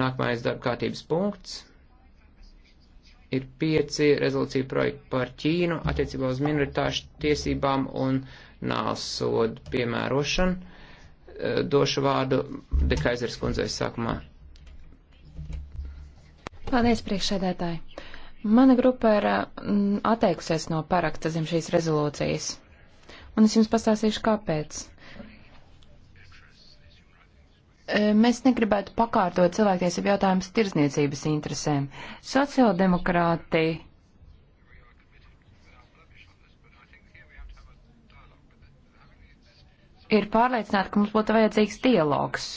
Nākamais darba kārtības punkts ir pieci rezolūcija projekti par Ķīnu attiecībā uz minoritāšu tiesībām un nāsodu piemērošanu. E, došu vārdu Dekaizers kundzei sākumā. Paldies, priekšsēdētāji. Mana grupa ir mm, atteikusies no paraksta zem šīs rezolūcijas. Un es jums pastāstīšu, kāpēc. E, mēs negribētu pakārtot cilvēktiesību jautājumus tirzniecības interesēm. Sociāldemokrāti ir pārliecināti, ka mums būtu vajadzīgs dialogs.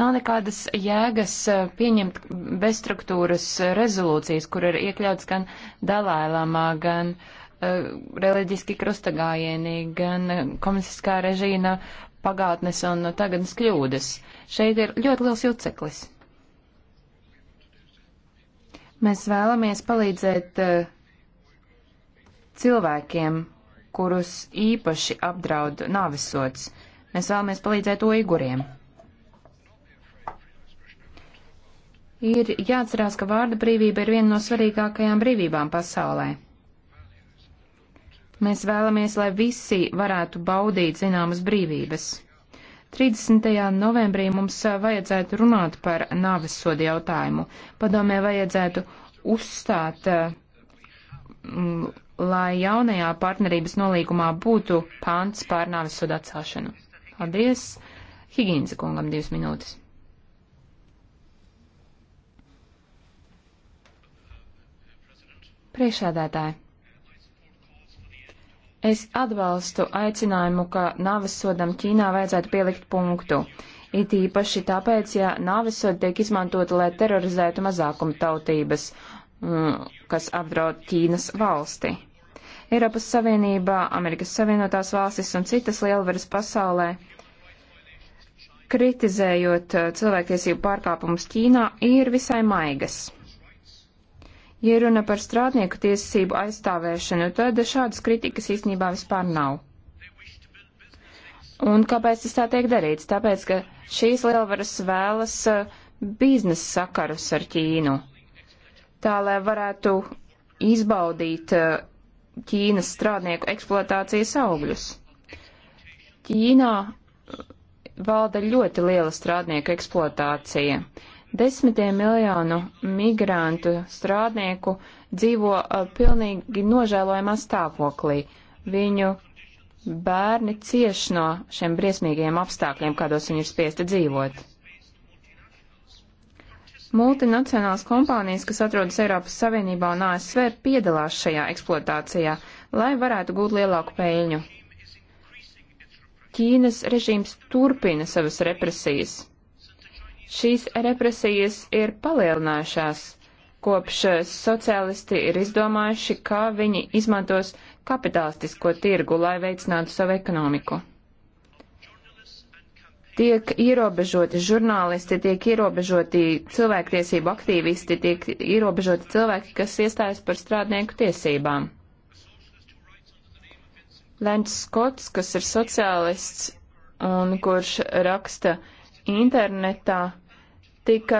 Nav nekādas jēgas e, pieņemt bezstruktūras rezolūcijas, kur ir iekļauts gan Dalailamā, gan uh, reliģiski krustagājieni, gan komunistiskā režīna pagātnes un tagadnes kļūdas. Šeit ir ļoti liels juceklis. Mēs vēlamies palīdzēt eh, cilvēkiem, kurus īpaši apdraud nāvisots. Mēs vēlamies palīdzēt to iguriem. Ir jāatcerās, ka vārda brīvība ir viena no svarīgākajām brīvībām pasaulē. Mēs vēlamies, lai visi varētu baudīt zināmas brīvības. 30. novembrī mums vajadzētu runāt par nāvessodu jautājumu. Padomē vajadzētu uzstāt, lai jaunajā partnerības nolīgumā būtu pants pār nāvessodu atcelšanu. Paldies! Higīnza kungam divas minūtes. Priekšādātāji! Es atbalstu aicinājumu, ka nāves sodam Ķīnā vajadzētu pielikt punktu. It īpaši tāpēc, ja nāves sodi tiek izmantota, lai terorizētu mazākuma tautības, mm, kas apdraud Ķīnas valsti. Eiropas Savienība, Amerikas Savienotās valstis un citas lielvaras pasaulē kritizējot uh, cilvēktiesību pārkāpumus Ķīnā, ir visai maigas. Ja runa par strādnieku tiesību aizstāvēšanu, tad šādas kritikas īstenībā vispār nav. Un kāpēc tas tā tiek darīts? Tāpēc, ka šīs lielvaras vēlas uh, biznesa sakarus ar Ķīnu, tā lai varētu izbaudīt uh, Ķīnas strādnieku eksploatācijas augļus. Ķīnā uh, valda ļoti liela strādnieku eksploatācija. Uh, Desmitiem miljonu migrantu strādnieku dzīvo uh, pilnīgi nožēlojamā stāvoklī. Viņu bērni cieš no šiem briesmīgajiem apstākļiem, kādos viņi ir spiesti dzīvot. Multinacionālas kompānijas, kas atrodas Eiropas Savienībā un ASV, piedalās šajā eksploatācijā, lai varētu gūt lielāku peļņu. Ķīnas režīms turpina savas represijas. Šīs represijas ir palielinājušās, kopš eh, sociālisti ir izdomājuši, kā viņi izmantos kapitalistisko tirgu, lai veicinātu savu ekonomiku. Tiek ierobežoti žurnālisti, tiek ierobežoti cilvēktiesību aktīvisti, tiek ierobežoti cilvēki, kas iestājas par strādnieku tiesībām. Lenčs Skots, kas ir sociālists un kurš raksta uh, internetā tika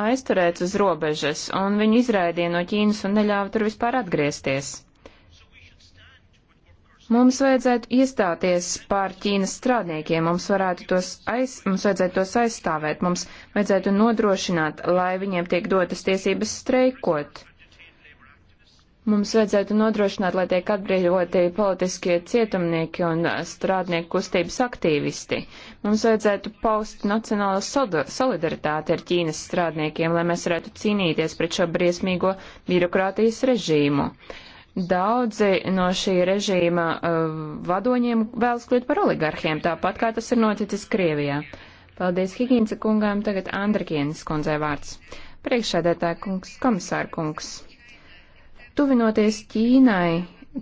aizturēts uz robežas, un viņu izraidīja no Ķīnas un neļāva tur vispār atgriezties. Mums vajadzētu iestāties par Ķīnas strādniekiem, mums, tos aiz, mums vajadzētu tos aizstāvēt, mums vajadzētu nodrošināt, lai viņiem tiek dotas tiesības streikot. Mums vajadzētu nodrošināt, lai tiek atbrīvoti politiskie cietumnieki un strādnieku kustības aktīvisti. Mums vajadzētu paust nacionālo solidaritāti ar Ķīnas strādniekiem, lai mēs varētu cīnīties pret šo briesmīgo birokrātijas režīmu. Daudzi no šī režīma uh, vadoņiem vēlas kļūt par oligarhiem, tāpat kā tas ir noticis Krievijā. Paldies Higīnce kungām, tagad Andrikienes kundzei vārds. Priekšsēdētāja kungs, komisāra kungs. Tuvinoties Ķīnai,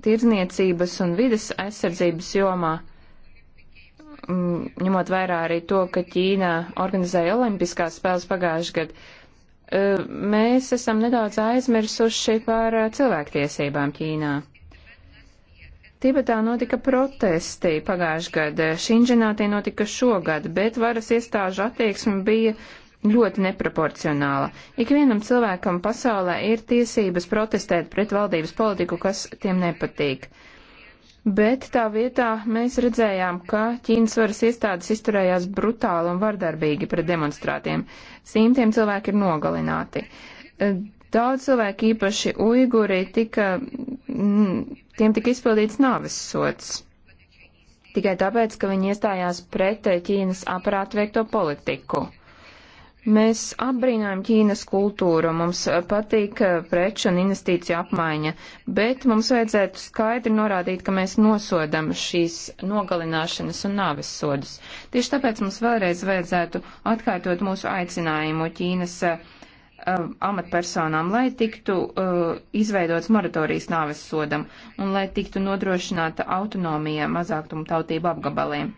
tirdzniecības un vidas aizsardzības jomā, ņemot vērā arī to, ka Ķīna organizēja Olimpiskās spēles pagājušajā gadā, e, mēs esam nedaudz aizmirsuši par e, cilvēktiesībām Ķīnā. Tibetā notika protesti pagājušajā gadā, Šinžinā tie notika šogad, bet varas iestāžu attieksme bija ļoti neproporcionāla. Ikvienam cilvēkam pasaulē ir tiesības protestēt pret valdības politiku, kas tiem nepatīk. Bet tā vietā mēs redzējām, ka Ķīnas varas iestādes izturējās brutāli un vardarbīgi pret demonstrātiem. Simtiem cilvēki ir nogalināti. Eh, daudz cilvēku, īpaši uiguri, tika, mm, tiem tika izpildīts nāves sots tikai tāpēc, ka viņi iestājās pret Ķīnas aparātu veikto politiku. Mēs apbrīnām Ķīnas kultūru, mums eh, patīk eh, preču un investīciju apmaiņa, bet mums vajadzētu skaidri norādīt, ka mēs nosodam šīs nogalināšanas un nāves sodus. Tieši tāpēc mums vēlreiz vajadzētu atkārtot mūsu aicinājumu Ķīnas uh, amatpersonām, lai tiktu uh, izveidots moratorijas nāves sodam un lai tiktu nodrošināta autonomija mazāktumu tautību apgabaliem.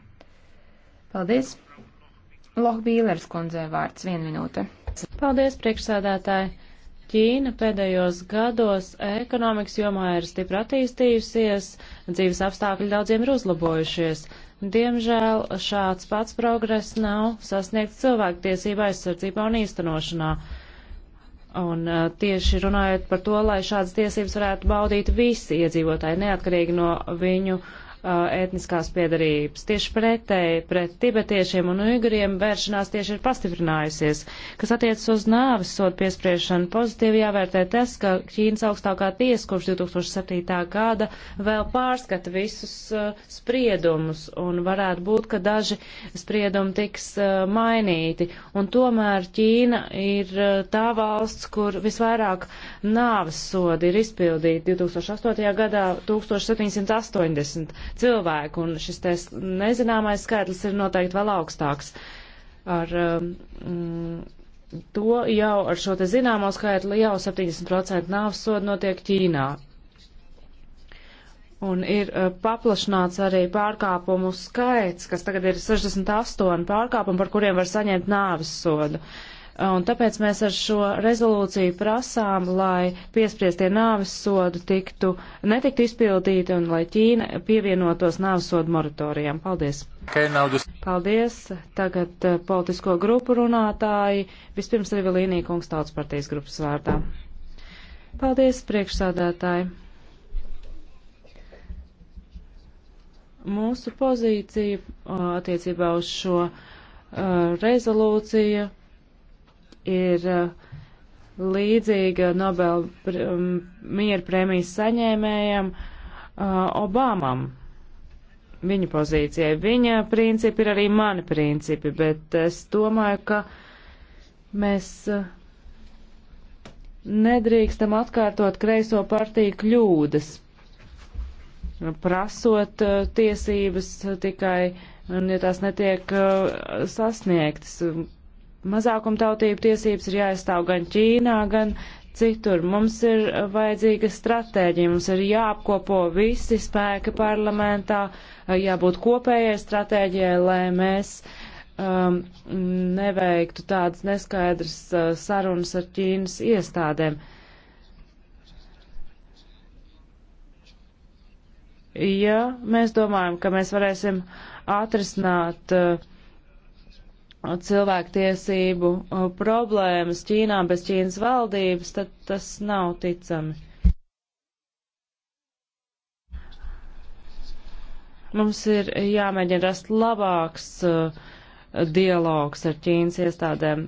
Paldies! Lohbīlers kundzei vārds viena minūte. Paldies, priekšsēdētāji! Ķīna pēdējos gados ekonomikas jomā ir stipri attīstījusies, dzīves apstākļi daudziem ir uzlabojušies. Diemžēl šāds pats progress nav sasniegts cilvēktiesība aizsardzībā un īstenošanā. Un uh, tieši runājot par to, lai šādas tiesības varētu baudīt visi iedzīvotāji, neatkarīgi no viņu uh, ētniskās piedarības. Tieši pretēji pret tibetiešiem un uiguriem vēršanās tieši ir pastiprinājusies. Kas attiecas uz nāvis sodu piespriešanu, pozitīvi jāvērtē tas, ka Ķīnas augstākā tiesa kopš 2007. gada vēl pārskata visus uh, spriedumus un varētu būt, ka daži spriedumi tiks uh, mainīti. Un tomēr Ķīna ir uh, tā valsts, kur visvairāk nāvis sodi ir izpildīti 2008. gadā 1780 cilvēku, un šis te nezināmais skaitlis ir noteikti vēl augstāks. Ar um, mm, to jau, ar šo te zināmo skaitli jau 70% nāvs sodu notiek Ķīnā. Un ir uh, paplašināts arī pārkāpumu skaits, kas tagad ir 68 pārkāpumi, par kuriem var saņemt nāvis sodu. Uh, Un tāpēc mēs ar šo rezolūciju prasām, lai piespriestie nāves sodu tiktu, netiktu izpildīti un lai Ķīna pievienotos nāves sodu moratorijam. Paldies! Okay, just... Paldies! Tagad eh, politisko grupu runātāji. Vispirms arī Vilīnija kungs tautas partijas grupas vārdā. Paldies, priekšsādātāji! Mūsu pozīcija eh, attiecībā uz šo uh, rezolūciju ir uh, līdzīga Nobel um, miera prēmijas saņēmējam uh, Obamam. Viņa pozīcijai. Viņa principi ir arī mani principi, bet es domāju, ka mēs uh, nedrīkstam atkārtot kreiso partiju kļūdas, prasot tiesības tikai, ja tās netiek sasniegtas mazākumtautību tiesības ir jāaizstāv gan Ķīnā, gan citur. Mums ir vajadzīga stratēģija, mums ir jāapkopo visi spēki parlamentā, jābūt kopējai stratēģijai, lai mēs um, neveiktu tādas neskaidras uh, sarunas ar Ķīnas iestādēm. Ja mēs domājam, ka mēs varēsim atrisināt uh, cilvēktiesību problēmas Ķīnā bez Ķīnas valdības, tad tas nav ticami. Mums ir jāmēģina rast labāks uh, dialogs ar Ķīnas iestādēm.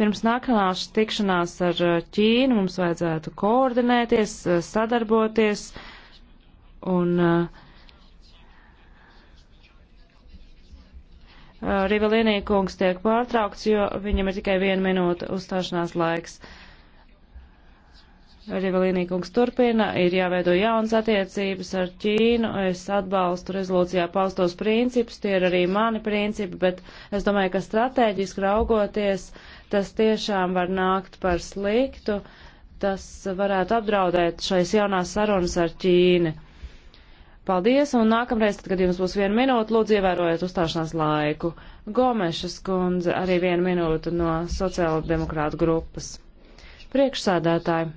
Pirms nākamās tikšanās ar Ķīnu mums vajadzētu koordinēties, sadarboties, uh, Un uh, uh, Rivelīnī kungs tiek pārtraukts, jo viņam ir tikai viena minūte uzstāšanās laiks. Rivelīnī kungs turpina, ir jāveido jaunas attiecības ar Ķīnu, es atbalstu rezolūcijā paustos principus, tie ir arī mani principi, bet es domāju, ka strateģiski raugoties tas tiešām var nākt par sliktu, tas varētu apdraudēt šais jaunās sarunas ar Ķīnu. Paldies, un nākamreiz, tad, kad jums būs viena minūte, lūdzu ievērojiet uzstāšanās laiku. Gomešas kundze arī vienu minūtu no sociāla demokrāta grupas. Priekšsādātāji.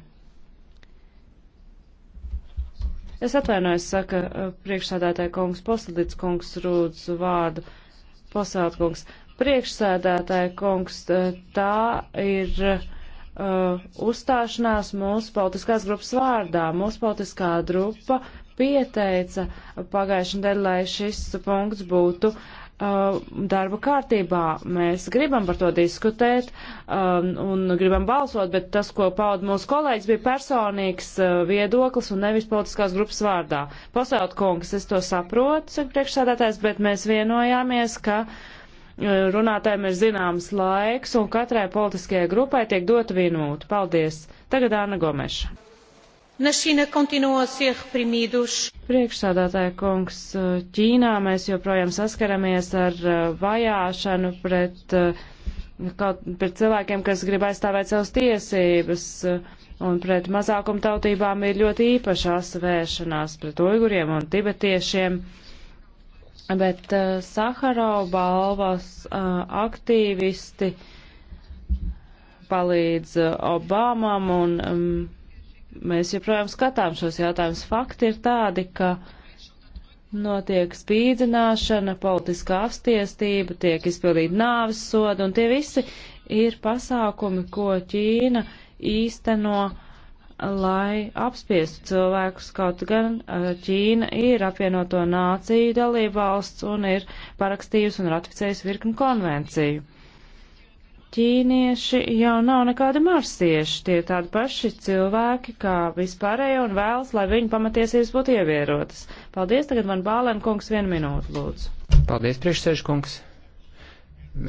Es atvainojos, saka eh, priekšsādātāja kungs, posildīts kungs, rūdzu vārdu, posēlt kungs. Priekšsādātāja kungs, eh, tā ir. Uh, uzstāšanās mūsu politiskās grupas vārdā. Mūsu politiskā grupa pieteica pagājušajā nedēļā, lai šis punkts būtu uh, darba kārtībā. Mēs gribam par to diskutēt um, un gribam balsot, bet tas, ko pauda mūsu kolēģis, bija personīgs uh, viedoklis un nevis politiskās grupas vārdā. Pasaut kungs, es to saprotu, saka priekšsādātājs, bet mēs vienojāmies, ka uh, runātājiem ir zināms laiks, un katrai politiskajai grupai tiek dota minūte. Paldies! Tagad Anna Gomeša. Na China continuam a ser reprimidos. Priekšsādātāja kungs, Ķīnā mēs joprojām saskaramies ar uh, vajāšanu pret, uh, kaut, pret cilvēkiem, kas grib aizstāvēt savas tiesības, uh, un pret mazākumtautībām ir ļoti īpaša asvēršanās pret uiguriem un tibetiešiem. Bet uh, Saharau balvas uh, aktīvisti palīdz uh, Obamam un um, mēs joprojām skatām šos jautājumus. Fakti ir tādi, ka notiek spīdzināšana, politiskā apstiestība, tiek izpildīta nāves soda, un tie visi ir pasākumi, ko Ķīna īsteno, lai apspiestu cilvēkus. Kaut gan uh, Ķīna ir apvienoto nāciju dalībvalsts un ir parakstījusi un ratificējusi virkni konvenciju ķīnieši jau nav nekādi marsieši, tie ir tādi paši cilvēki kā vispārējie un vēlas, lai viņu pamatiesības būtu ievērotas. Paldies, tagad man Bālēn kungs vienu minūtu lūdzu. Paldies, priekšsēž kungs.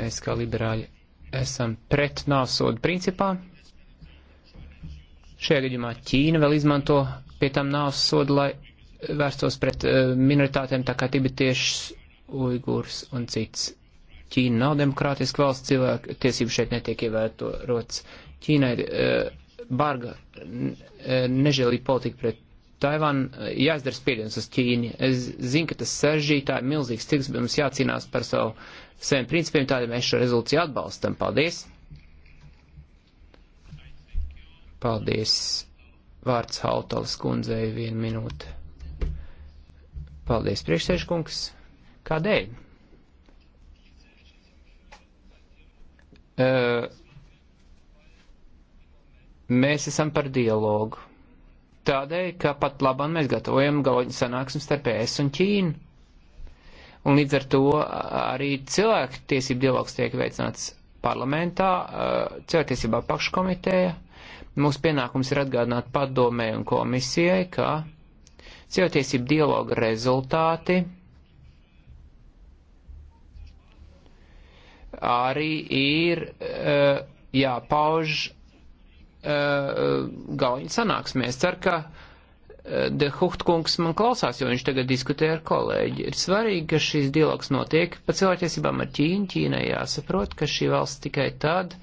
Mēs kā liberāļi esam pret nāsodu principā. Šajā gadījumā Ķīna vēl izmanto pie tam nāsodu, lai vērstos pret eh, minoritātēm tā kā tibetiešus, uigurs un cits Ķīna nav demokrātiska valsts, cilvēku tiesību šeit netiek ievērots. Ķīna ir uh, barga, e, nežēlīga politika pret Taivānu, jāizdara spiediens uz Ķīni. Es zinu, ka tas sarežģītā ir milzīgs tiks, bet mums jācīnās par savu, saviem principiem, tādēļ mēs šo rezolūciju atbalstam. Paldies! Paldies! Vārds Hautalas kundzei vienu minūti. Paldies, priekšsēžkungs! Kādēļ? Eh, mēs esam par dialogu. Tādēļ, ka pat labam mēs gatavojam galvoņu sanāksmi starp ES un Ķīnu. Un līdz ar to arī cilvēku tiesību dialogs tiek veicināts parlamentā, cilvēktiesībā pakškomiteja. Mūsu pienākums ir atgādināt padomē un komisijai, ka cilvēktiesību dialoga rezultāti arī ir uh, jāpauž uh, eh, galviņu sanāksmēs. Ceru, ka uh, De Huhtkungs man klausās, jo viņš tagad diskutē ar kolēģi. Ir svarīgi, ka šis dialogs notiek pa cilvēktiesībām ar Ķīnu. Ķīnai jāsaprot, ka šī valsts tikai tad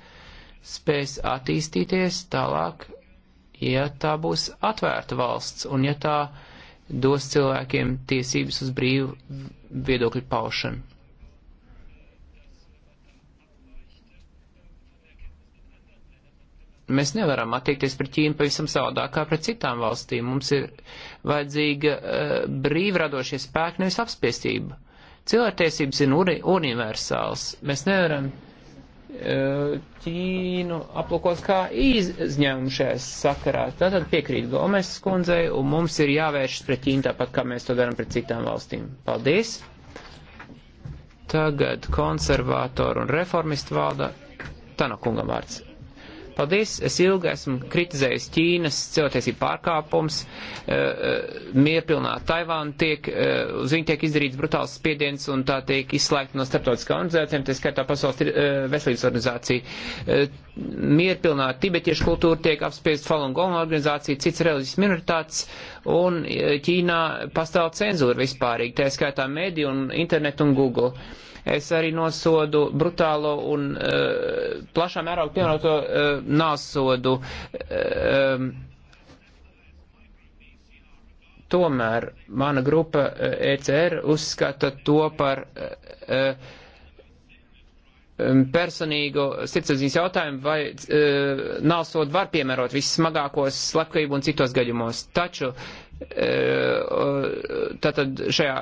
spēs attīstīties tālāk, ja tā būs atvērta valsts un ja tā dos cilvēkiem tiesības uz brīvu viedokļu paušanu. Mēs nevaram attiekties pret Ķīnu pavisam savādāk kā pret citām valstīm. Mums ir vajadzīga uh, brīvradošie spēki, nevis apspiestība. Cilvēktiesības ir uni universāls. Mēs nevaram uh, Ķīnu aplūkos kā izņēmumu šajā sakarā. Tātad piekrīt Gomes skundzei, un mums ir jāvēršas pret Ķīnu tāpat, kā mēs to darām pret citām valstīm. Paldies! tagad konservātoru un reformistu valda Tanakungam vārds. Paldies! Es ilgi esmu kritizējis Ķīnas cilvēktiesību pārkāpums, eh, eh, mierpilnā Taivāna tiek, eh, uz viņu tiek izdarīts brutāls spiediens un tā tiek izslēgta no starptautiskā organizācijām, tā skaitā pasaules veselības organizācija. Mierpilnā tibetiešu kultūra tiek apspiest Falun Gong organizācija, cits reliģisks minoritāts un Ķīnā pastāv cenzūra vispārīgi, tā skaitā mediju un internetu un Google Es arī nosodu brutālo un uh, plašā mērā piemēroto uh, eh, nāsodu. Uh, Tomēr mana grupa ECR e uzskata to par uh, personīgu sirdsapziņas jautājumu, vai e, nāsot var piemērot vissmagākos slepkavību un citos gaļumos. Taču Tātad šajā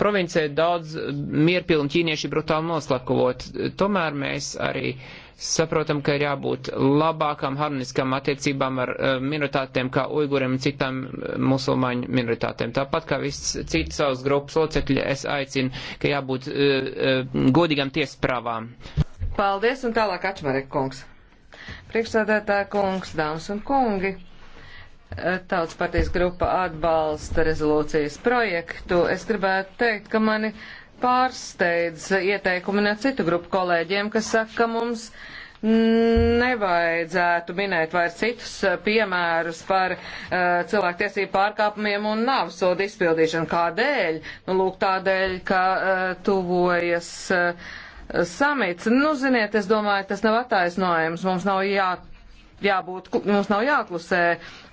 provincē daudz mierpilni ķīnieši brutāli noslakavot. Tomēr mēs arī saprotam, ka ir jābūt labākām harmoniskām attiecībām ar minoritātēm, kā uiguriem un citām musulmaņu minoritātēm. Tāpat kā viss cits savas grupas locekļi, es aicinu, ka jābūt uh, uh, godīgām tiesprāvām. Paldies un tālāk Ačmarek kungs. Priekšsēdētā kungs, dāmas un kungi. Tautas partijas grupa atbalsta rezolūcijas projektu. Es gribētu teikt, ka mani pārsteidz ieteikumi no citu grupu kolēģiem, kas saka, ka mums nevajadzētu minēt vairs citus eh, piemērus par uh, cilvēktiesību pārkāpumiem un nāvsodu izpildīšanu. Kādēļ? Nu, lūk, tādēļ, ka uh, tuvojas. Uh, samits. Nu, ziniet, es domāju, tas nav attaisnojums. Mums nav jā, jābūt, mums nav jāklusē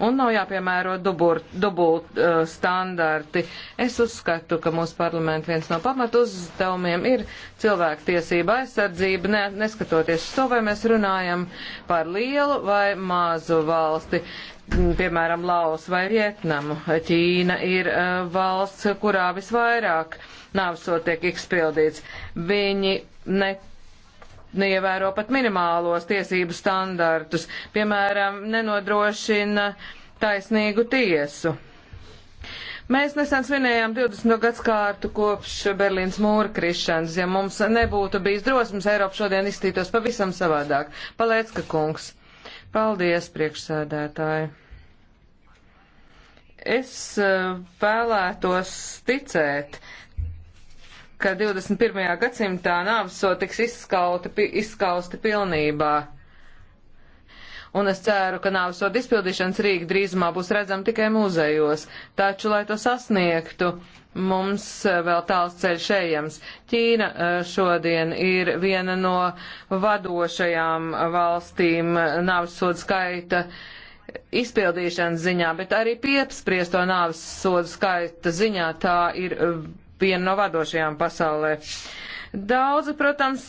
un nav jāpiemēro dubult, dubult uh, standarti. Es uzskatu, ka mūsu parlamenta viens no pamatu uzdevumiem ir cilvēktiesība aizsardzība, ne, neskatoties uz to, vai mēs runājam par lielu vai mazu valsti. Piemēram, Laos vai Vietnamu. Ķīna ir uh, valsts, kurā visvairāk nāvsot tiek izpildīts. Viņi ne neievēro pat minimālos tiesību standartus, piemēram, nenodrošina taisnīgu tiesu. Mēs nesen svinējām 20. gadsimtu kopš Berlīnas mūra krišanas. Ja mums nebūtu bijis drosmes, Eiropa šodien izstītos pavisam savādāk. Palēcka kungs. Paldies, priekšsēdētāji. Es eh, vēlētos ticēt, ka 21. gadsimtā nāvso tiks izskauti, izskausti pilnībā. Un es ceru, ka nāvso izpildīšanas rīki drīzumā būs redzami tikai muzejos. Taču, lai to sasniegtu, mums eh, vēl tāls ceļš ejams. Ķīna eh, šodien ir viena no vadošajām valstīm eh, nāves sodu skaita izpildīšanas ziņā, bet arī piepspriesto nāves sodu skaita ziņā tā ir viena no vadošajām pasaulē. Daudzi, protams,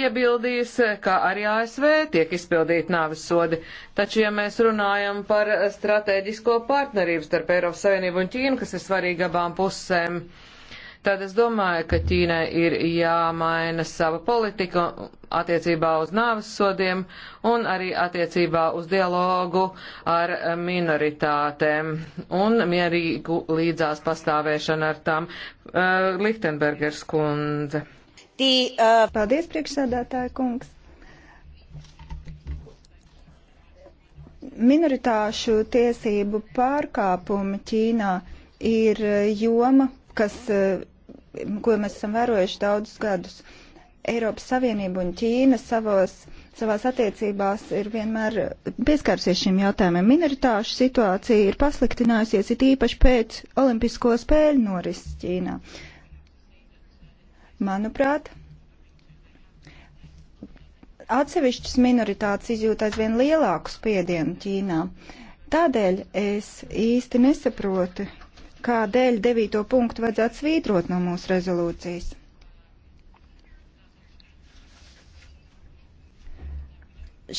iebildīs, ka arī ASV tiek izpildīti nāvis sodi, taču, ja mēs runājam par strateģisko partnerību starp Eiropas Savienību un Ķīnu, kas ir svarīga abām pusēm, uh, tad es domāju, ka Ķīnai ir jāmaina sava politika attiecībā uz nāves sodiem un arī attiecībā uz dialogu ar minoritātēm un mierīgu līdzās pastāvēšanu ar tām. Uh, Lichtenbergers kundze. Tī, uh... Paldies, priekšsādātāja kungs. minoritāšu tiesību pārkāpumi Ķīnā ir eh, joma, kas, eh, ko mēs esam vērojuši daudzus gadus. Eiropas Savienība un Ķīna savos, savās attiecībās ir vienmēr pieskārusies šim jautājumam. Minoritāšu situācija ir pasliktinājusies, it īpaši pēc Olimpisko spēļu norises Ķīnā. Manuprāt, atsevišķas minoritātes izjūt aizvien lielāku spiedienu Ķīnā. Tādēļ es īsti nesaprotu, kādēļ devīto punktu vajadzētu svītrot no mūsu rezolūcijas.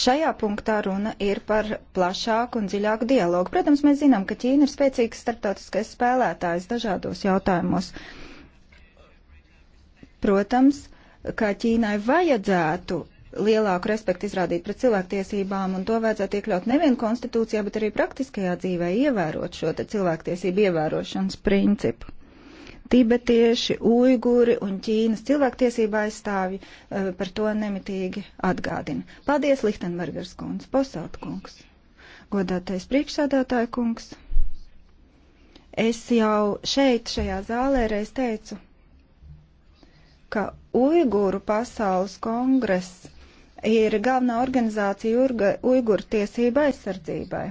Šajā punktā runa ir par plašāku un dziļāku dialogu. Protams, mēs zinām, ka Ķīna ir spēcīgs starptautiskais spēlētājs dažādos jautājumos. Protams, kā Ķīnai vajadzētu lielāku respektu izrādīt pret cilvēktiesībām, un to vajadzētu iekļaut nevien konstitūcijā, bet arī praktiskajā dzīvē, ievērot šo cilvēktiesību ievērošanas principu. Tibetieši, Uiguri un Ķīnas cilvēktiesība aizstāvi eh, par to nemitīgi atgādina. Paldies, Lichtenbergers kungs, Posaut kungs, godātais priekšsādātāja kungs. Es jau šeit, šajā zālē, reiz teicu, ka Uiguru pasaules kongress ir galvenā organizācija Uiguru tiesība aizsardzībai.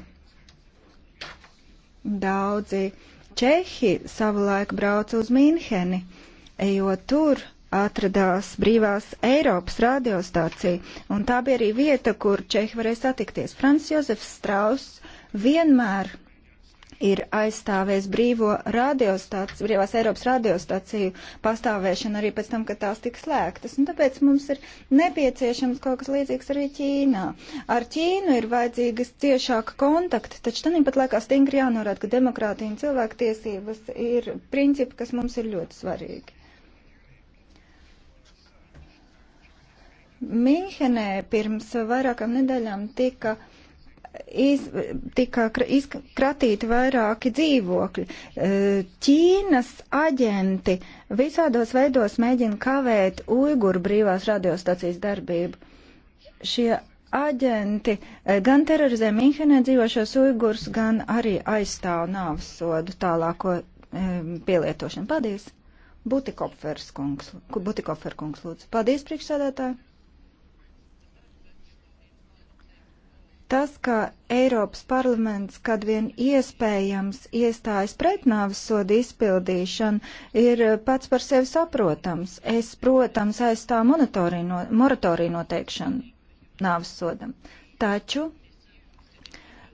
Daudzi Čehi savulaik brauca uz Mīnheni, ejot tur atradās brīvās Eiropas radiostācija, un tā bija arī vieta, kur Čehi varēja satikties. Frans Jozefs Strauss vienmēr ir aizstāvējis brīvo radiostaciju, brīvās Eiropas radiostaciju pastāvēšanu arī pēc tam, kad tās tiks slēgtas. Un tāpēc mums ir nepieciešams kaut kas līdzīgs arī Ķīnā. Ar Ķīnu ir vajadzīgas ciešāka kontakta, taču tāpat laikā stingri jānorāda, ka demokrātija un cilvēktiesības ir principi, kas mums ir ļoti svarīgi. Mīnhenē pirms vairākām nedēļām tika uh, iz, tika izkratīti vairāki dzīvokļi. E, Ķīnas aģenti visādos veidos mēģina kavēt Uiguru brīvās radiostacijas darbību. Šie aģenti e, gan terorizē Minhenē dzīvošos Uigurs, gan arī aizstāv nāvas sodu tālāko e, pielietošanu. Paldies! Butikopfer kungs, Butikopfer kungs lūdzu. Paldies, priekšsādātāji! Tas, ka Eiropas parlaments, kad vien iespējams, iestājas pret nāves sodu izpildīšanu, ir eh, pats par sevi saprotams. Es, protams, aizstāvu no, moratoriju noteikšanu nāves sodam. Taču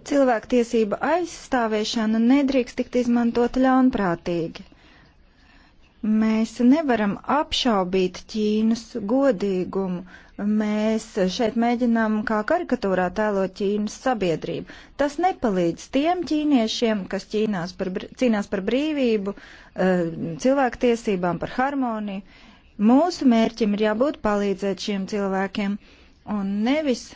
cilvēktiesība aizstāvēšana nedrīkst tikt izmantota ļaunprātīgi. Mēs nevaram apšaubīt Ķīnas godīgumu. Mēs šeit mēģinām kā karikatūrā tēlot Ķīnas sabiedrību. Tas nepalīdz tiem ķīniešiem, kas Ķīnās par, cīnās par brīvību, eh, cilvēktiesībām, par harmoniju. Mūsu mērķim ir jābūt palīdzēt šiem cilvēkiem un nevis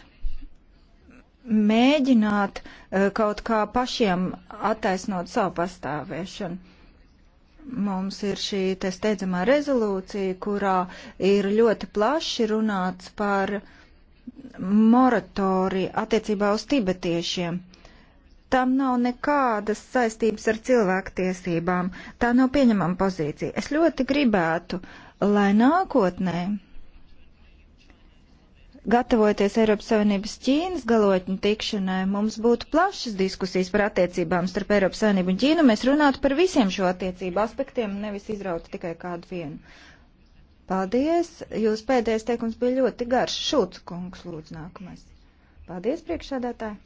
mēģināt eh, kaut kā pašiem attaisnot savu pastāvēšanu Mums ir šī te steidzamā rezolūcija, kurā ir ļoti plaši runāts par moratoriju attiecībā uz tibetiešiem. Tam nav nekādas saistības ar cilvēktiesībām. Tā nav pieņemama pozīcija. Es ļoti gribētu, lai nākotnē gatavojoties Eiropas Savienības Ķīnas galotņu tikšanai, mums būtu plašas diskusijas par attiecībām starp Eiropas Savienību un Ķīnu. Mēs runātu par visiem šo attiecību aspektiem, nevis izrautu tikai kādu vienu. Paldies! Jūs pēdējais teikums bija ļoti garš. Šūts kungs, lūdzu, nākamais. Paldies, priekšsādātāji!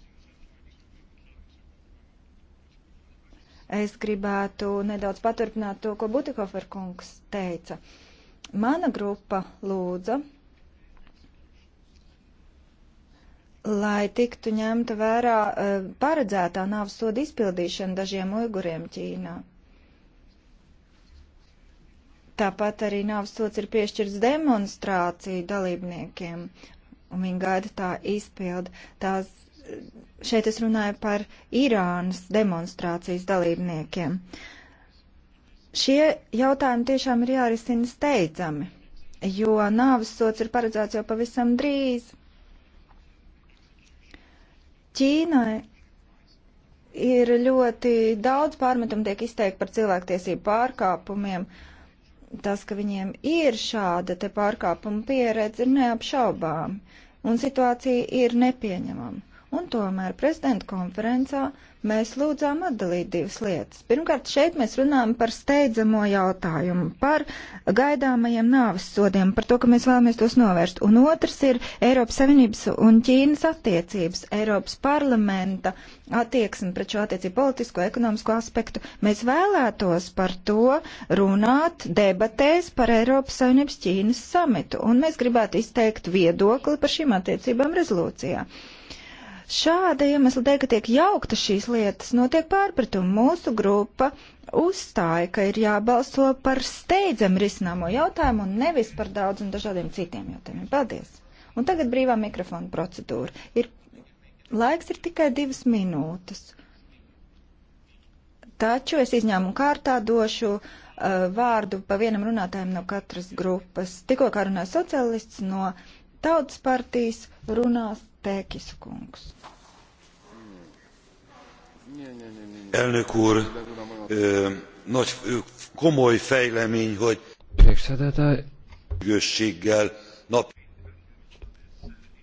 Es gribētu nedaudz paturpināt to, ko Butikofer kungs teica. Mana grupa lūdza lai tiktu ņemta vērā e, paredzētā nāves soda izpildīšana dažiem uiguriem Ķīnā. Tāpat arī nāves sots ir piešķirts demonstrāciju dalībniekiem, un viņi gaida tā izpildu. Tās, e, šeit es runāju par Irānas demonstrācijas dalībniekiem. Šie jautājumi tiešām ir jārisina steidzami, jo nāves sots ir paredzēts jau pavisam drīz. Ķīnai ir ļoti daudz pārmetumu tiek izteikti par cilvēktiesību pārkāpumiem. Tas, ka viņiem ir šāda te pārkāpuma pieredze, ir neapšaubām, un situācija ir nepieņemama. Un tomēr prezidenta konferencā mēs lūdzām atdalīt divas lietas. Pirmkārt, šeit mēs runājam par steidzamo jautājumu, par gaidāmajiem nāves sodiem, par to, ka mēs vēlamies tos novērst. Un otrs ir Eiropas Savienības un Ķīnas attiecības, Eiropas parlamenta attieksme pret šo attiecību politisko, ekonomisko aspektu. Mēs vēlētos par to runāt debatēs par Eiropas Savienības Ķīnas samitu. Un mēs gribētu izteikt viedokli par šīm attiecībām rezolūcijā. Šāda iemesla dēļ, ka tiek jaukta šīs lietas, notiek pārpratumi. Mūsu grupa uzstāja, ka ir jābalso par steidzam risināmo jautājumu un nevis par daudz un dažādiem citiem jautājumiem. Paldies! Un tagad brīvā mikrofona procedūra. Ir, laiks ir tikai divas minūtes. Taču es izņēmu kārtā došu uh, vārdu pa vienam runātājam no katras grupas. Tikko kā runāja socialists no tautas partijas runās Pēkis kungs. Elnök úr, nagy komoly fejlemény, hogy priekšsēdētāji. Gősséggel nap.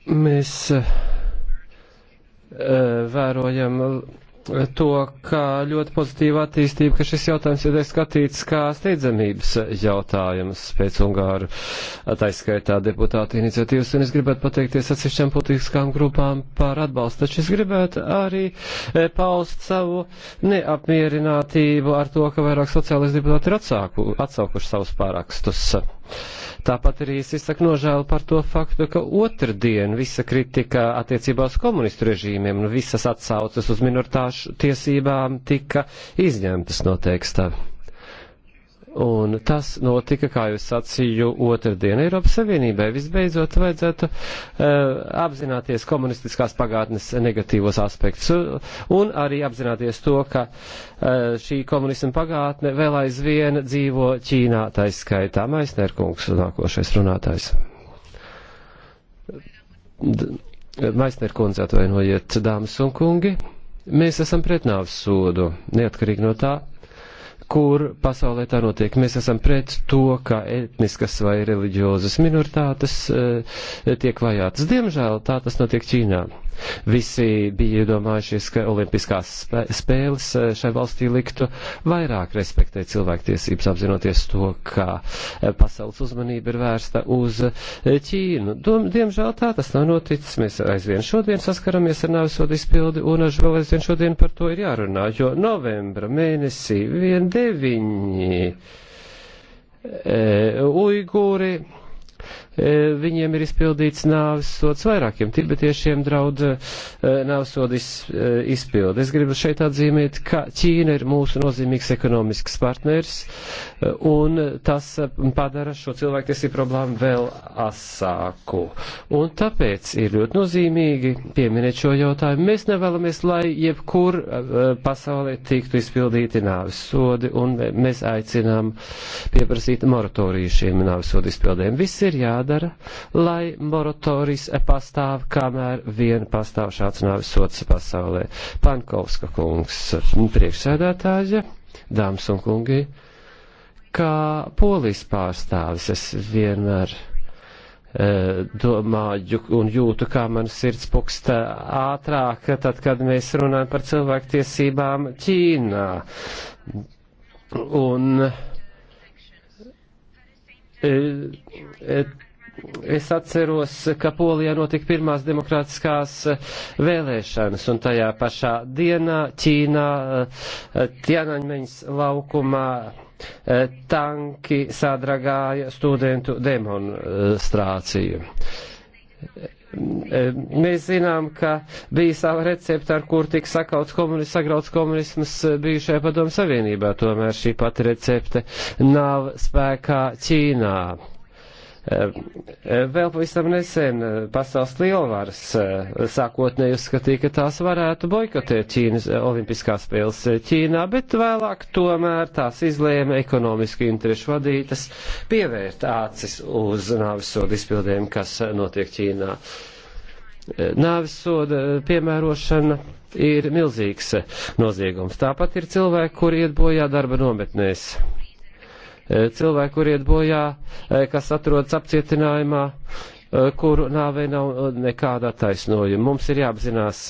Mēs vērojam to, ka ļoti pozitīva attīstība, ka šis jautājums ir skatīts kā steidzamības jautājums pēc Ungāru taiskaitā deputāta iniciatīvas, un es gribētu pateikties atsevišķām politiskām grupām par atbalstu, taču es gribētu arī eh, paust savu neapmierinātību ar to, ka vairāk sociālisti deputāti ir atsāku, atsaukuši savus pārakstus. Tāpat arī es izsaku nožēlu par to faktu, ka otrdien visa kritika attiecībā uz komunistu režīmiem un visas atsaucas uz minoritāšu tiesībām tika izņemtas no teksta. Un tas notika, kā jūs sacīju, otrdien Eiropas Savienībai. Visbeidzot, vajadzētu uh, apzināties komunistiskās pagātnes negatīvos aspektus un arī apzināties to, ka uh, šī komunisma pagātne vēl aizvien dzīvo Ķīnā, taiskaitā Maisnerkungs, nākošais runātājs. D Maisnerkundze atvainojiet, dāmas un kungi, mēs esam pret nāves sodu, neatkarīgi no tā kur pasaulē tā notiek. Mēs esam pret to, ka etniskas vai reliģiozas minoritātes eh, tiek vajātas. Diemžēl tā tas notiek Ķīnā. Visi bija iedomājušies, ka olimpiskās spēles eh, šai valstī liktu vairāk respektēt cilvēktiesības, apzinoties to, ka eh, pasaules uzmanība ir vērsta uz eh, Ķīnu. Diemžēl tā tas nav noticis. Mēs aizvien šodien saskaramies ar nāvisot izpildi, un aš vēl aizvien šodien par to ir jārunā, jo novembra mēnesī vien deviņi e, uiguri E, viņiem ir izpildīts nāves sods vairākiem tibetiešiem draud e, nāves sodu e, izpildi. Es gribu šeit atzīmēt, ka Ķīna ir mūsu nozīmīgs ekonomisks partners, un tas padara šo cilvēktiesību problēmu vēl asāku. Un tāpēc ir ļoti nozīmīgi pieminēt šo jautājumu. Mēs nevēlamies, lai jebkur pasaulē tiktu izpildīti nāves sodi, un mēs aicinām pieprasīt moratoriju šiem nāves sodu izpildēm. Viss ir jādara jādara, lai moratorijas pastāv, kamēr vien pastāv šāds nāvis sots pasaulē. Pankovska kungs, priekšsēdētāja, dāmas un kungi, kā polijas pārstāvis es vienmēr e, domāju un jūtu, kā man sirds puksta e, ātrāk, tad, kad mēs runājam par cilvēktiesībām Ķīnā. Un e, Es atceros, ka Polijā notika pirmās demokrātiskās eh, vēlēšanas, un tajā pašā dienā Ķīnā, eh, Tiananmeņas laukumā, eh, tanki sadragāja studentu demonstrāciju. Mēs zinām, ka bija sava recepte, ar kur tika sakauts komunisms, sagrauts komunisms bijušajā padomu savienībā. Tomēr šī pati recepte nav spēkā Ķīnā. Eh, Vēl pavisam nesen eh, pasaules lielvaras eh, sākotnēji uzskatīja, ka tās varētu boikotēt Ķīnas olimpiskās spēles Ķīnā, bet vēlāk tomēr tās izlēma ekonomiski interešu vadītas pievērt acis uz nāvisodu izpildēm, kas notiek Ķīnā. Nāvisoda piemērošana ir milzīgs noziegums. Tāpat ir cilvēki, kuri iet bojā darba nometnēs E, cilvēki, kur iet bojā, e, kas atrodas apcietinājumā, e, kuru nāvei nav nekāda attaisnojuma. Mums ir jāapzinās,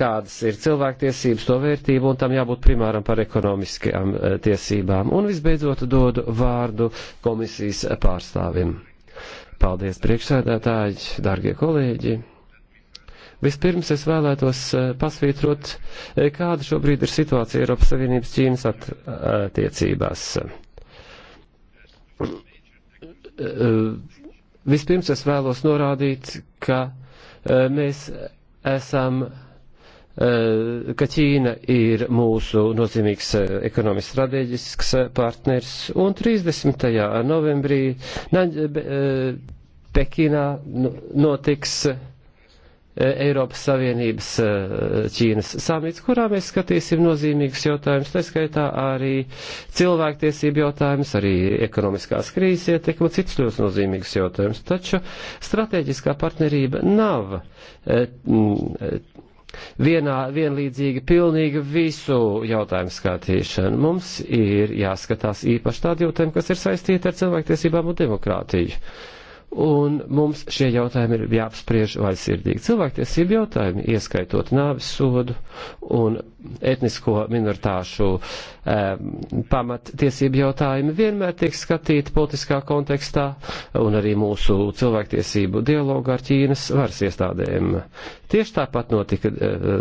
kādas ir cilvēktiesības, to vērtību, un tam jābūt primāram par ekonomiskajām tiesībām. Un visbeidzot dodu vārdu komisijas pārstāvim. Paldies, priekšsēdētāji, dārgie kolēģi! Vispirms es vēlētos pasvītrot, kāda šobrīd ir situācija Eiropas Savienības Ķīnas attiecībās. At Eh, eh, vispirms es vēlos norādīt, ka eh, mēs esam ka Ķīna ir mūsu nozīmīgs ekonomisks strateģisks partners, un 30. novembrī Pekinā notiks E, Eiropas Savienības e, Ķīnas samits, kurā mēs skatīsim nozīmīgus jautājumus, tā skaitā arī cilvēktiesību jautājumus, arī ekonomiskās krīzes ietekmu, cits ļoti nozīmīgus jautājumus. Taču strateģiskā partnerība nav e, vienā, vienlīdzīgi pilnīgi visu jautājumu skatīšana. Mums ir jāskatās īpaši tādi jautājumi, kas ir saistīti ar cilvēktiesībām un demokrātiju un mums šie jautājumi ir jāapspriež vaisirdīgi. Cilvēktiesību jautājumi, ieskaitot nāvis sodu un etnisko minoritāšu e, pamattiesību jautājumi, vienmēr tiek skatīti politiskā kontekstā un arī mūsu cilvēktiesību dialogu ar Ķīnas varas iestādēm. Tieši tāpat notika. E,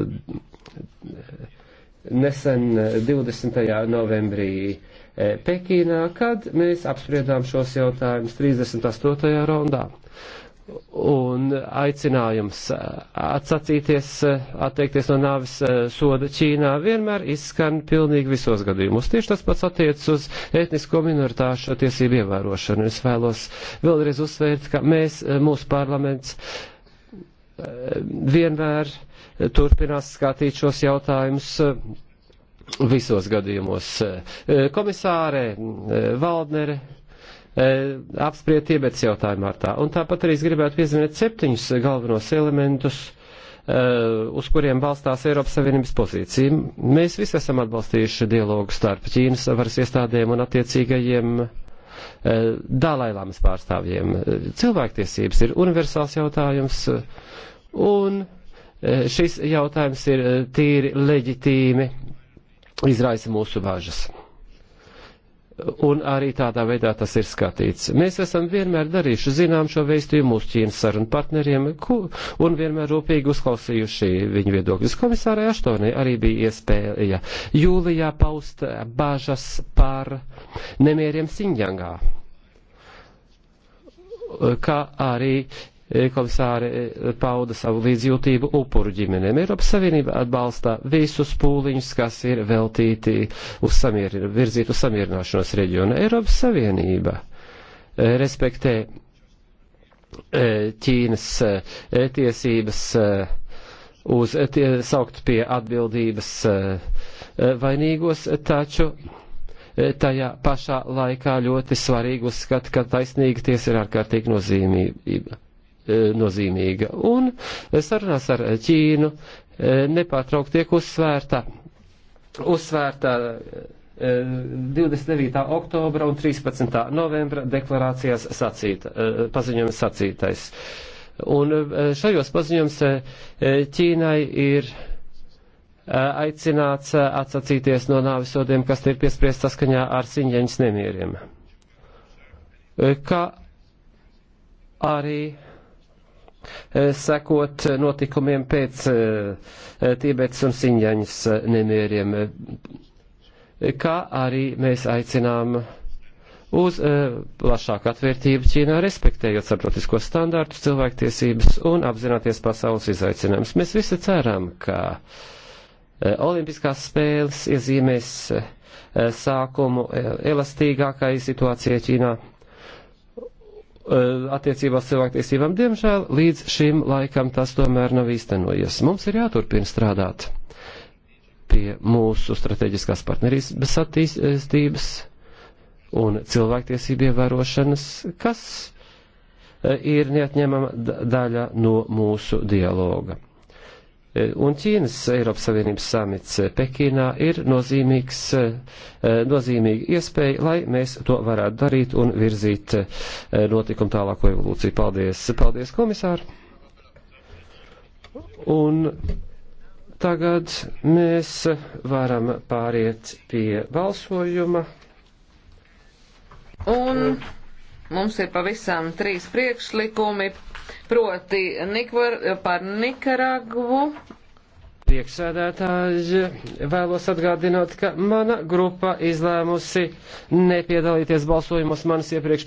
Nesen 20. Eh, novembrī uh, E, Pekīnā, kad mēs apspriedām šos jautājumus 38. raundā. Un aicinājums e, atsacīties, e, atteikties no nāvis soda Ķīnā vienmēr izskan pilnīgi visos gadījumos. Tieši tas pats attiecas uz etnisko minoritāšu tiesību ievērošanu. Es vēlos vēlreiz uzsvērt, ka mēs, mūsu parlaments, vienmēr turpinās skatīt šos jautājumus visos gadījumos. E, komisāre e, Valdnere e, apspriet Tibetas jautājumu ar tā. Un tāpat arī es gribētu piezīmēt septiņus galvenos elementus, uz kuriem balstās Eiropas Savienības pozīcija. Mēs visi esam atbalstījuši dialogu starp Ķīnas varas iestādēm un attiecīgajiem Dalailāmas pārstāvjiem. Cilvēktiesības ir universāls jautājums, un šis jautājums ir tīri leģitīmi izraisa mūsu bažas. Un arī tādā veidā tas ir skatīts. Mēs esam vienmēr darījuši zinām šo vēstījumu mūsu Ķīnas sarunu partneriem ku, un vienmēr rūpīgi uzklausījuši viņu viedokļus. Komisārai Aštonai arī bija iespēja jūlijā paust bāžas par nemieriem Sinjangā, kā arī komisāri e, pauda savu līdzjūtību upuru ģimenēm. Eiropas Savienība atbalsta visus pūliņus, kas ir veltīti uz samierinu, virzīt uz samierināšanos reģiona. Eiropas Savienība e, respektē e, Ķīnas tiesības uz tie, saukt pie atbildības vainīgos, taču tajā pašā laikā ļoti svarīgi uzskat, ka taisnīga tiesa ir ārkārtīgi nozīmība E, nozīmīga. Un sarunās ar Ķīnu e, nepārtraukt tiek uzsvērta, uzsvērta 29. E, oktobra un 13. novembra deklarācijās sacīta, paziņojums sacītais. Un šajos paziņojums Ķīnai ir aicināts atsacīties no nāvisodiem, kas ir piespriest saskaņā ar siņģeņas nemieriem. Kā arī Eh, sekot notikumiem pēc eh, eh, Tibets un Siņaņas nemieriem, kā arī mēs aicinām uz plašāku atvērtību Ķīnā, respektējot saprotiskos standārtus, cilvēktiesības un apzināties pasaules izaicinājumus. Mēs visi ceram, ka Olimpiskās spēles iezīmēs sākumu elastīgākai situācijai Ķīnā Eh, attiecībā uz cilvēktiesībām. Diemžēl līdz šim laikam tas tomēr nav īstenojies. Mums ir jāturpina strādāt pie mūsu strateģiskās partnerības attīstības un cilvēktiesību ievērošanas, kas eh, ir neatņemama daļa no mūsu dialoga. Un Ķīnas Eiropas Savienības samits eh, Pekinā ir nozīmīgs, eh, eh, nozīmīga iespēja, lai mēs to varētu darīt un virzīt notikumu tālāko evolūciju. Paldies, paldies komisāri! Un tagad mēs varam pāriet pie balsojuma. Un... Mums ir pavisam trīs priekšlikumi, proti Nikvar, par Nikaragvu. Prieksēdētāji vēlos atgādināt, ka mana grupa izlēmusi nepiedalīties balsojumos manas iepriekš.